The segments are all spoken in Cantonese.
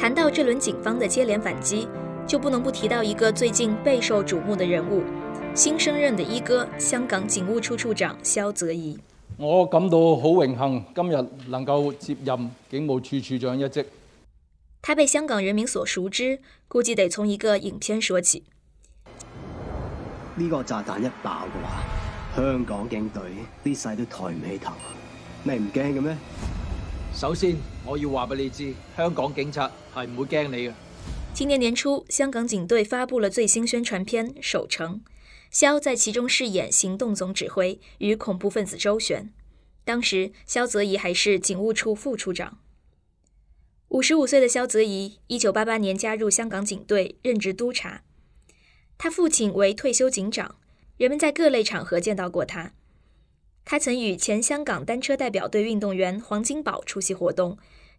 談到這輪警方的接連反擊，就不能不提到一個最近備受矚目的人物——新升任的一哥，香港警務處處長蕭澤頤。我感到好榮幸，今日能夠接任警務處處長一職。他被香港人民所熟知，估計得從一個影片說起。呢個炸彈一爆嘅話，香港警隊啲世都抬唔起頭，你唔驚嘅咩？首先。我要話俾你知，香港警察係唔會驚你嘅。今年年初，香港警隊發佈了最新宣傳片《守城》，蕭在其中飾演行動總指揮，與恐怖分子周旋。當時，蕭澤頤還是警務處副處長。五十五歲的蕭澤頤一九八八年加入香港警隊，任職督察。他父親為退休警長，人們在各類場合見到過他。他曾與前香港單車代表隊運動員黃金寶出席活動。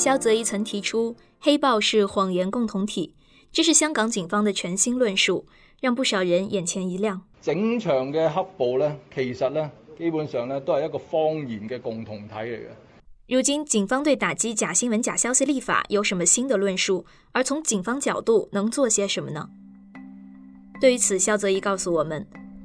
肖澤頤曾提出“黑暴是謊言共同體”，這是香港警方的全新論述，讓不少人眼前一亮。整場嘅黑暴呢，其實呢基本上呢都係一個謊言嘅共同體嚟嘅。如今警方對打擊假新聞、假消息立法有什麼新的論述？而從警方角度能做些什麼呢？對於此，蕭澤頤告訴我們。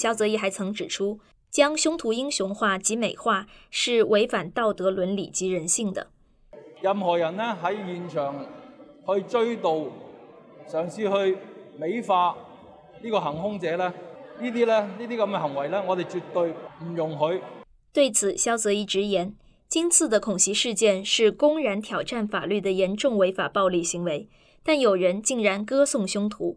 蕭澤頤還曾指出，將兇徒英雄化及美化是違反道德倫理及人性的。任何人呢喺現場去追悼、嘗試去美化呢個行兇者呢？呢啲呢呢啲咁嘅行為呢，我哋絕對唔容許。對此，蕭澤頤直言：今次的恐襲事件是公然挑戰法律的嚴重違法暴力行為，但有人竟然歌頌兇徒。